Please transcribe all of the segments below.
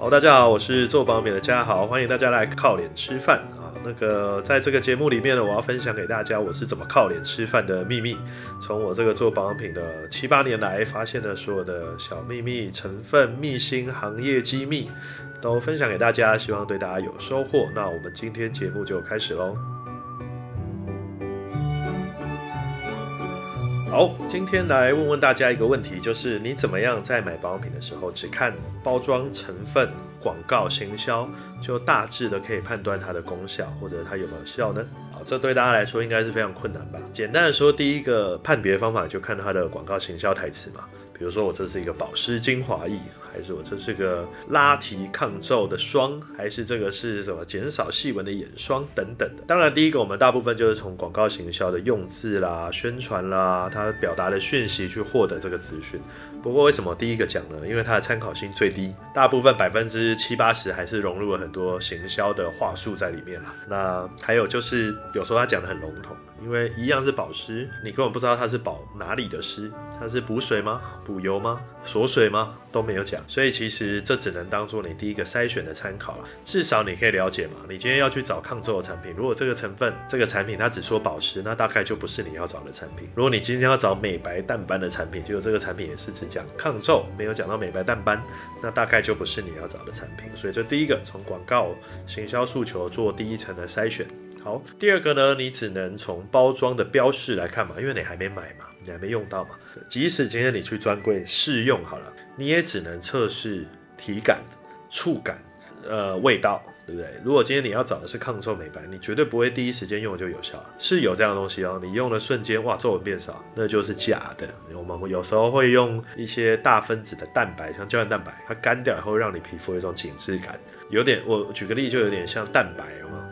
好，大家好，我是做保養品的嘉豪，歡迎大家來靠臉吃飯啊。那個，在這個節目裡面呢，我要分享給大家我是怎麼靠臉吃飯的秘密，從我這個做保養品的七八年來發現的所有的小秘密、成分、秘辛、行業機密，都分享給大家，希望對大家有收穫。那我們今天節目就開始嘍。好，今天來問問大家一個問題，就是你怎麼樣在買保養品的時候，只看包裝成分、廣告行銷，就大致的可以判斷它的功效或者它有沒有效呢？好，這對大家來說應該是非常困難吧？簡單的說，第一個判別方法就看它的廣告行銷台詞嘛，比如說我這是一個保濕精華液。還是我這是個拉提抗皺的霜，還是這個是什麼減少細紋的眼霜等等的。當然，第一個我們大部分就是從廣告行銷的用字啦、宣傳啦，它表達的訊息去獲得這個資訊。不過為什麼第一個講呢？因為它的參考性最低，大部分百分之七八十還是融入了很多行銷的話術在裡面啦。那還有就是有時候他講的很籠統，因為一樣是保濕，你根本不知道它是保哪裡的濕，它是補水嗎？補油嗎？鎖水嗎？都沒有講。所以其實這只能當做你第一個篩選的參考了，至少你可以了解嘛。你今天要去找抗皺的產品，如果這個成分、這個產品它只說保濕，那大概就不是你要找的產品。如果你今天要找美白淡斑的產品，結果這個產品也是只講抗皺，沒有講到美白淡斑，那大概就不是你要找的產品。所以這第一個從廣告行銷訴求做第一層的篩選。好，第二個呢，你只能從包裝的標示來看嘛，因為你還沒買嘛，你還沒用到嘛。即使今天你去專櫃試用好了，你也只能測試體感、觸感，呃，味道，對不對？如果今天你要找的是抗皺美白，你絕對不會第一時間用就有效了。是有這樣的東西哦，你用的瞬間，哇，皺紋變少，那就是假的。我們有時候會用一些大分子的蛋白，像膠原蛋白，它乾掉以後，讓你皮膚有一種緊緻感，有點，我舉個例子，就有點像蛋白。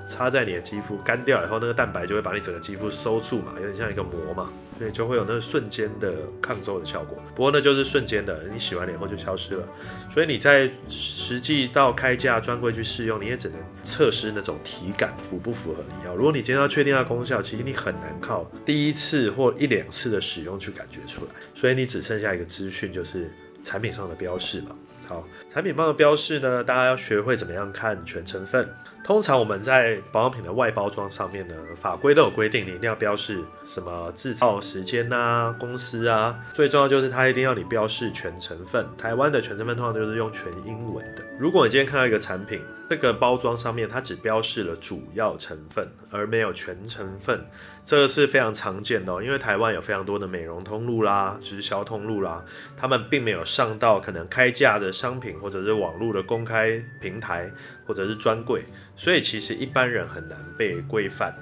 擦在你的肌膚乾掉以後，那個蛋白就會把你整個肌膚收住嘛，有點像一個膜嘛，所以就會有那個瞬間的抗皺的效果。不過呢，就是瞬間的，你洗完臉後就消失了。所以你在實際到開架專櫃去試用，你也只能測試那種體感符不符合你要哦。如果你今天要確定它的功效，其實你很難靠第一次或一兩次的使用去感覺出來。所以你只剩下一個資訊，就是產品上的標示嘛。好，產品上的標示呢，大家要學會怎麼樣看全成分。通常我們在保養品的外包裝上面呢，法規都有規定，你一定要標示什麼制造時間吶、啊、公司啊。最重要就是它一定要你標示全成分。台灣的全成分通常就是用全英文的。如果你今天看到一個產品，這個包裝上面它只標示了主要成分，而沒有全成分。這個是非常常見的，因為台灣有非常多的美容通路啦、直銷通路啦，他們並沒有上到可能開價的商品，或者是網絡的公開平台，或者是專櫃，所以其實一般人很難被規範。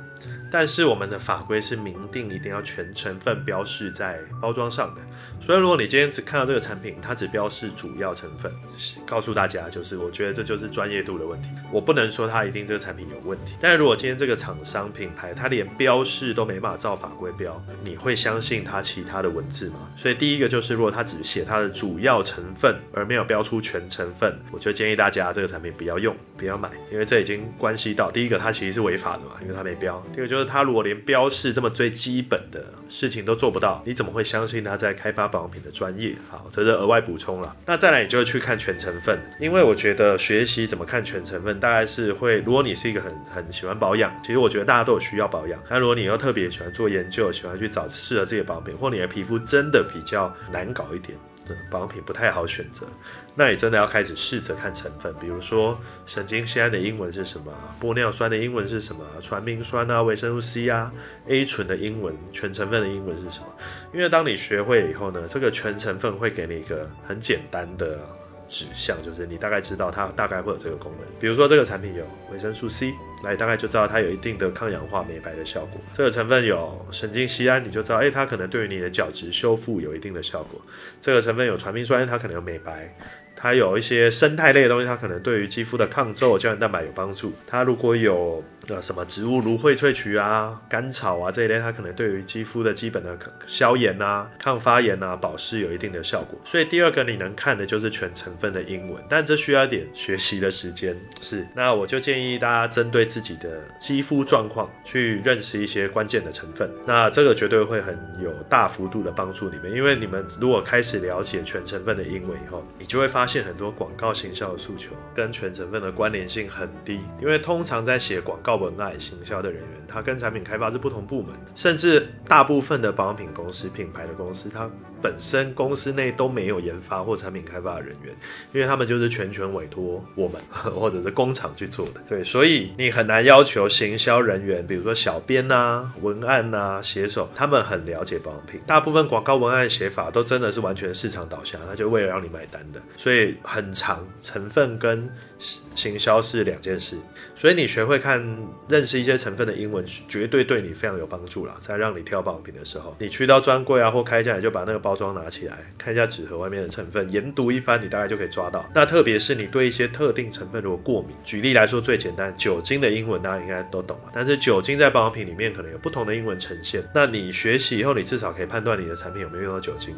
但是我們的法規是明定一定要全成分標示在包裝上的，所以如果你今天只看到這個產品，它只標示主要成分，告訴大家就是，我覺得這就是專業度的問題。我不能說它一定這個產品有問題，但是如果今天這個廠商品牌它連標示都沒辦法照法規標，你會相信它其他的文字嗎？所以第一個就是，如果它只寫它的主要成分而沒有標出全成分，我就建議大家這個產品不要用，不要買，因為這已經關係到第一個它其實是違法的嘛，因為它沒標。第二個就是他如果連標示這麼最基本的事情都做不到，你怎麼會相信他在開發保養品的專業？好，這是額外補充了。那再來，你就會去看全成分，因為我覺得學習怎麼看全成分，大概是會。如果你是一個很很喜歡保養，其實我覺得大家都有需要保養。那如果你又特別喜歡做研究，喜歡去找適合自己的保養品，或你的皮膚真的比較難搞一點。保養品不太好選擇，那你真的要開始試着看成分，比如說神經酰胺的英文是什麼，玻尿酸的英文是什麼，傳明酸啊，維生素 C 啊，A 醇的英文，全成分的英文是什麼？因為當你學會以後呢，這個全成分會給你一個很簡單的。指向，就是你大概知道它大概會有這個功能，比如說，這個產品有維生素 C，那你大概就知道它有一定的抗氧化美白的效果。這個成分有神經酰胺，你就知道哎、欸，它可能對於你的角質修復有一定的效果。這個成分有傳明酸，它可能有美白。它有一些胜肽類的東西，它可能對於肌膚的抗皺、膠原蛋白有幫助。它如果有呃什麼植物、蘆薈萃取啊、甘草啊這一類，它可能對於肌膚的基本的消炎啊、抗發炎啊、保濕有一定的效果。所以第二個你能看的就是全成分的英文，但這需要一點學習的時間。是，那我就建議大家針對自己的肌膚狀況去認識一些關鍵的成分，那這個絕對會很有大幅度的幫助你們，因為你們如果開始了解全成分的英文以後，你就會發。發現很多廣告行銷的訴求跟全成分的關聯性很低，因為通常在寫廣告文案行銷的人員，他跟產品開發是不同部門的，甚至大部分的保養品公司品牌的公司，它本身公司內都沒有研發或產品開發的人員，因為他們就是全權委托我們或者是工廠去做的。對，所以你很難要求行銷人員，比如說小編啊、文案啊、寫手，他們很了解保養品，大部分廣告文案寫法都真的是完全市場導向，他就為了讓你買單的，所以。會很長，成分跟行銷是兩件事，所以你學會看，認識一些成分的英文，絕對對你非常有幫助啦，在讓你挑保養品的時候，你去到專櫃啊，或開架，你就把那個包裝拿起來，看一下紙盒外面的成分，研讀一番，你大概就可以抓到。那特別是你對一些特定成分如果過敏，舉例來說，最簡單，酒精的英文大家應該都懂了，但是酒精在保養品裡面可能有不同的英文呈現，那你學習以後，你至少可以判斷你的產品有沒有用到酒精。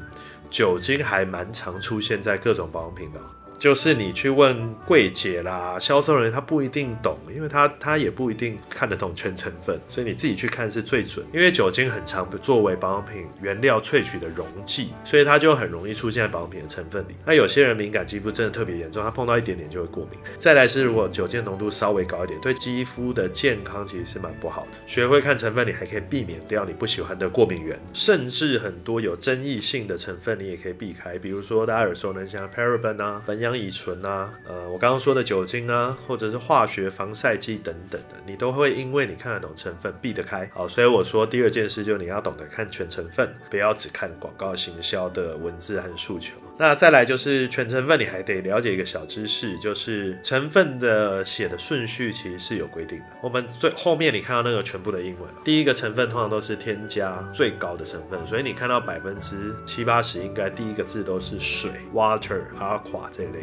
酒精還蠻常出現在各種保養品的。就是你去問櫃姐啦，銷售人員他不一定懂，因為他他也不一定看得懂全成分，所以你自己去看是最準。因為酒精很常不作為保養品原料萃取的溶劑，所以它就很容易出現在保養品的成分裡。那有些人敏感肌膚真的特別嚴重，他碰到一點點就會過敏。再來是如果酒精的濃度稍微高一點，對肌膚的健康其實是蠻不好的。學會看成分，你還可以避免掉你不喜歡的過敏原，甚至很多有爭議性的成分你也可以避開，比如說大家耳熟能詳的 paraben 啊，苯氧。像乙醇啊，呃，我剛剛說的酒精啊，或者是化學防曬劑等等的，你都會因為你看得懂成分避得開。好，所以我說第二件事就你要懂得看全成分，不要只看廣告行銷的文字和訴求。那再來就是全成分，你還得了解一個小知識，就是成分的寫的順序其實是有規定的。我們最後面你看到那個全部的英文，第一個成分通常都是添加最高的成分，所以你看到百分之七八十應該第一個字都是水 （water、a 垮 u a 這個。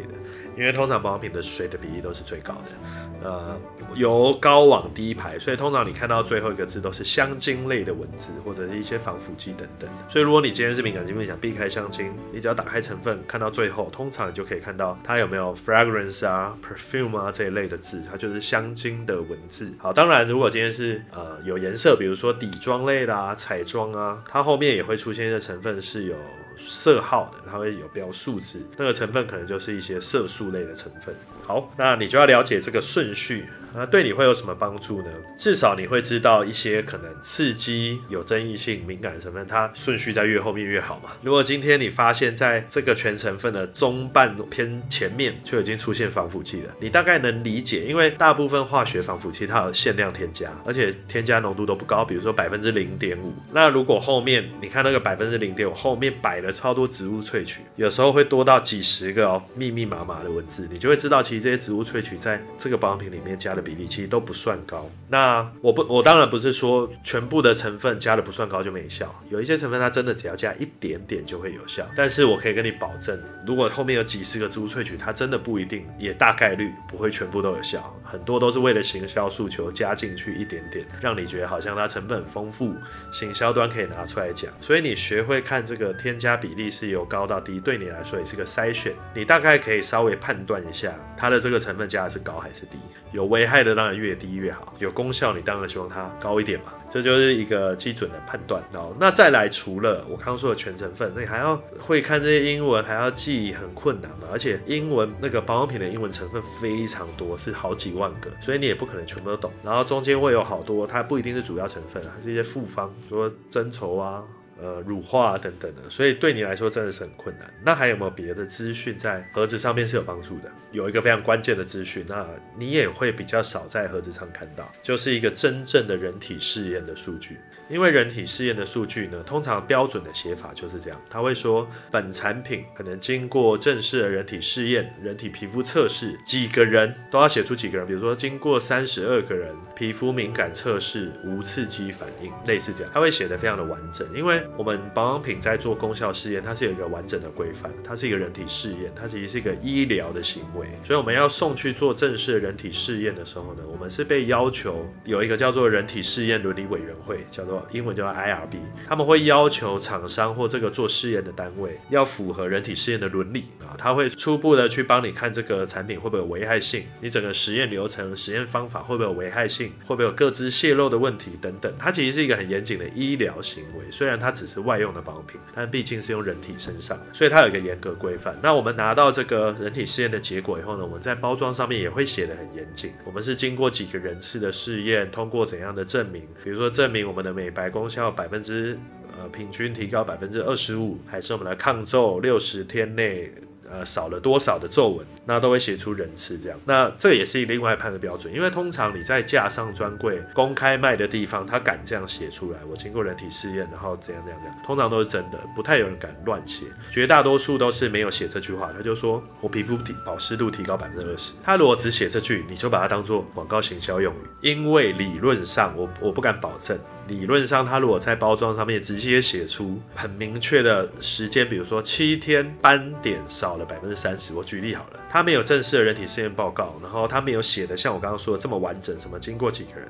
因為通常保養品的水的比例都是最高的，呃，由高往低排，所以通常你看到最後一個字都是香精類的文字，或者是一些防腐劑等等的。所以如果你今天是敏感肌膚，想避開香精，你只要打開成分看到最後，通常你就可以看到它有沒有 fragrance 啊，perfume 啊這一類的字，它就是香精的文字。好，當然如果今天是，呃、有顏色，比如說底妝類的啊，彩妝啊，它後面也會出現一個成分是有。色號的，它會有標數字，那個成分可能就是一些色素類的成分。好，那你就要了解這個順序。那對你會有什麼幫助呢？至少你會知道一些可能刺激、有爭議性、敏感的成分，它順序在越後面越好嘛。如果今天你發現，在這個全成分的中半偏前面，就已經出現防腐劑了，你大概能理解，因為大部分化學防腐劑，它有限量添加，而且添加濃度都不高，比如說百分之零點五。那如果後面，你看那個百分之零點五後面擺了超多植物萃取，有時候會多到幾十個哦，密密麻麻的文字，你就會知道，其實這些植物萃取在這個保養品裡面加的。比例其實都不算高。那我不，我當然不是說全部的成分加的不算高就沒效。有一些成分它真的只要加一點點就會有效。但是我可以跟你保證，如果後面有幾十個植物萃取，它真的不一定，也大概率不會全部都有效。很多都是為了行銷訴求加進去一點點，讓你覺得好像它成本很豐富，行銷端可以拿出來講。所以你學會看這個添加比例是由高到低，對你來說也是個篩選。你大概可以稍微判斷一下它的這個成分加的是高還是低，有危害，害的當然越低越好，有功效你當然希望它高一點嘛，這就是一個基準的判斷。然後，那再來，除了我剛剛說的全成分，那你還要會看這些英文，還要記很困難嘛。而且英文那個保養品的英文成分非常多，是好幾萬個，所以你也不可能全部都懂。然後中間會有好多，它不一定是主要成分，還是一些複方，說增稠啊。呃，乳化啊，等等的，所以對你來說真的是很困難。那還有沒有別的資訊在盒子上面是有幫助的？有一個非常關鍵的資訊，那你也會比較少在盒子上看到，就是一個真正的人體試驗的數據。因為人體試驗的數據呢，通常標準的寫法就是這樣，他會說本產品可能經過正式的人體試驗、人體皮膚測試，幾個人都要寫出幾個人，比如說經過三十二個人皮膚敏感測試，無刺激反應，類似這樣，他會寫得非常的完整，因為。我們保養品在做功效試驗，它是有一個完整的規範，它是一個人體試驗，它其實是一個醫療的行為。所以我們要送去做正式的人體試驗的時候呢，我們是被要求有一個叫做人體試驗倫理委員會，叫做英文叫做 IRB，他們會要求廠商或這個做試驗的單位要符合人體試驗的倫理啊，他會初步的去幫你看這個產品會不會有危害性，你整個實驗流程、實驗方法會不會有危害性，會不會有個資泄露的問題等等，它其實是一個很嚴謹的醫療行為，雖然它。只是外用的保養品，但畢竟是用人體身上，所以它有一個嚴格規範。那我們拿到這個人體試驗的結果以後呢，我們在包裝上面也會寫得很嚴謹。我們是經過幾個人次的試驗，通過怎樣的證明？比如說證明我們的美白功效百分之呃平均提高百分之二十五，還是我們的抗皺六十天內。呃，少了多少的皺紋，那都會寫出人次這樣，那這也是一個另外判的標準，因為通常你在架上專櫃公開賣的地方，他敢這樣寫出來，我經過人體試驗，然後怎樣怎樣怎樣，通常都是真的，不太有人敢亂寫。絕大多數都是沒有寫這句話，他就說我皮膚保濕度提高百分之二十，他如果只寫這句，你就把它當做廣告行銷用語，因為理論上我我不敢保證。理論上，他如果在包裝上面直接寫出很明確的時間，比如說七天斑點少了百分之三十，我舉例好了，他沒有正式的人體試驗報告，然後他沒有寫得像我剛剛說的這麼完整，什麼經過幾個人，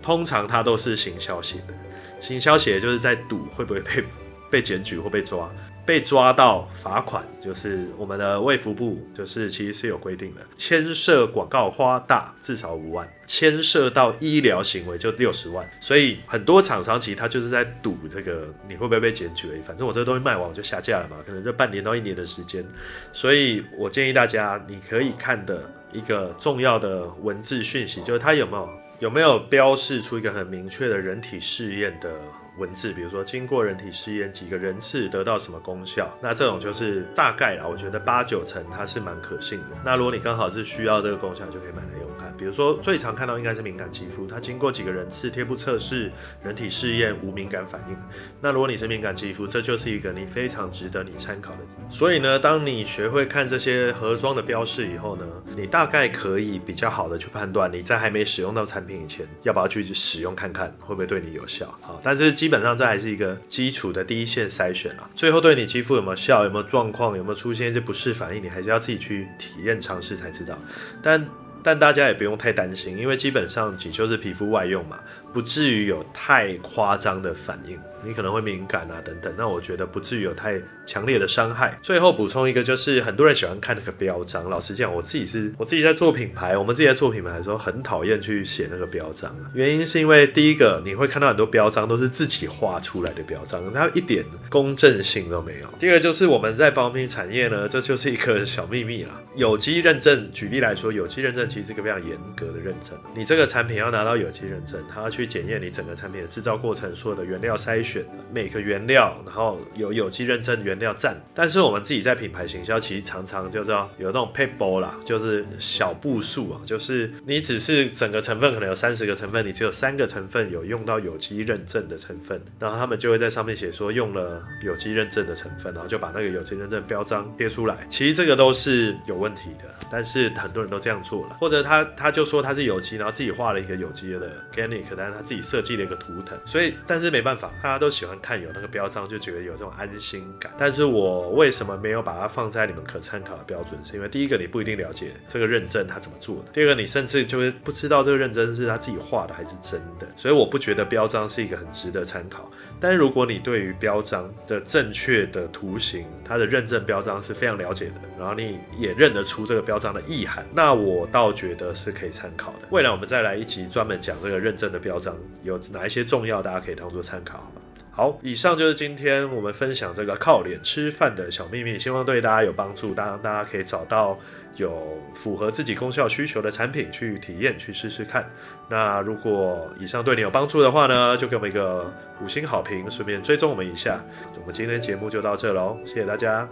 通常他都是行銷寫的，行銷寫的就是在賭會不會被被檢舉或被抓。被抓到罰款，就是我們的衛福部，就是其實是有規定的，牽涉廣告誇大，至少五萬，牽涉到醫療行為就六十萬。所以很多廠商其實他就是在賭這個你會不會被檢舉？反正我這東西賣完我就下架了嘛，可能這半年到一年的時間。所以我建議大家，你可以看的一個重要的文字訊息，就是它有沒有有沒有標示出一個很明確的人體試驗的。文字，比如說經過人體試驗，幾個人次得到什麼功效，那這種就是大概啦、啊，我覺得八九成它是蠻可信的。那如果你剛好是需要這個功效，就可以買來用看。比如說最常看到應該是敏感肌膚，它經過幾個人次貼布測試、人體試驗無敏感反應。那如果你是敏感肌膚，這就是一個你非常值得你參考的。所以呢，當你學會看這些盒裝的標示以後呢，你大概可以比較好的去判斷，你在還沒使用到產品以前，要不要去使用看看會不會對你有效。好，但是基本上這還是一個基礎的第一線篩選啊，最後對你肌膚有沒有效，有沒有狀況，有沒有出現一些不適反應，你還是要自己去體驗嘗試才知道。但但大家也不用太擔心，因為基本上僅就是皮膚外用嘛，不至於有太誇張的反應。你可能會敏感啊，等等。那我覺得不至於有太強烈的傷害。最後補充一個，就是很多人喜歡看那個標章。老實講，我自己是，我自己在做品牌，我們自己在做品牌的時候，很討厭去寫那個標章。原因是因為第一個，你會看到很多標章都是自己畫出來的標章，它一點公正性都沒有。第二個就是我們在保養品產業呢，這就是一個小秘密啦、啊。有機認證，舉例來說，有機認證。其實是一個非常嚴格的認證。你這個產品要拿到有機認證，它要去檢驗你整個產品的製造過程，所有的原料篩選，每個原料，然後有有機認證原料站。但是我們自己在品牌行銷，其實常常就知道有那種 paper 啦，就是小步數啊，就是你只是整個成分可能有三十個成分，你只有三個成分有用到有機認證的成分，然後他們就會在上面寫說用了有機認證的成分，然後就把那個有機認證標章貼出來。其實這個都是有問題的，但是很多人都這樣做了。或者他他就說他是有機，然後自己畫了一個有機的的 organic，但是他自己設計了一個圖騰，所以但是沒辦法，大家都喜歡看有那個標章，就覺得有這種安心感。但是我為什麼沒有把它放在你們可參考的標準？是因為第一個你不一定了解這個認證他怎麼做的，第二個你甚至就不知道這個認證是他自己畫的還是真的，所以我不覺得標章是一個很值得參考。但是如果你對於標章的正確的圖形，它的認證標章是非常了解的，然後你也認得出這個標章的意涵，那我到。覺得是可以參考的。未來我們再來一集專門講這個認證的標章有哪一些重要，大家可以當做參考，好吧？好，以上就是今天我們分享這個靠臉吃飯的小秘密，希望對大家有幫助。當然大家可以找到有符合自己功效需求的產品去體驗，去試試看。那如果以上對你有幫助的話呢，就給我們一個五星好評，順便追蹤我們一下。我們今天節目就到這嘍，謝謝大家。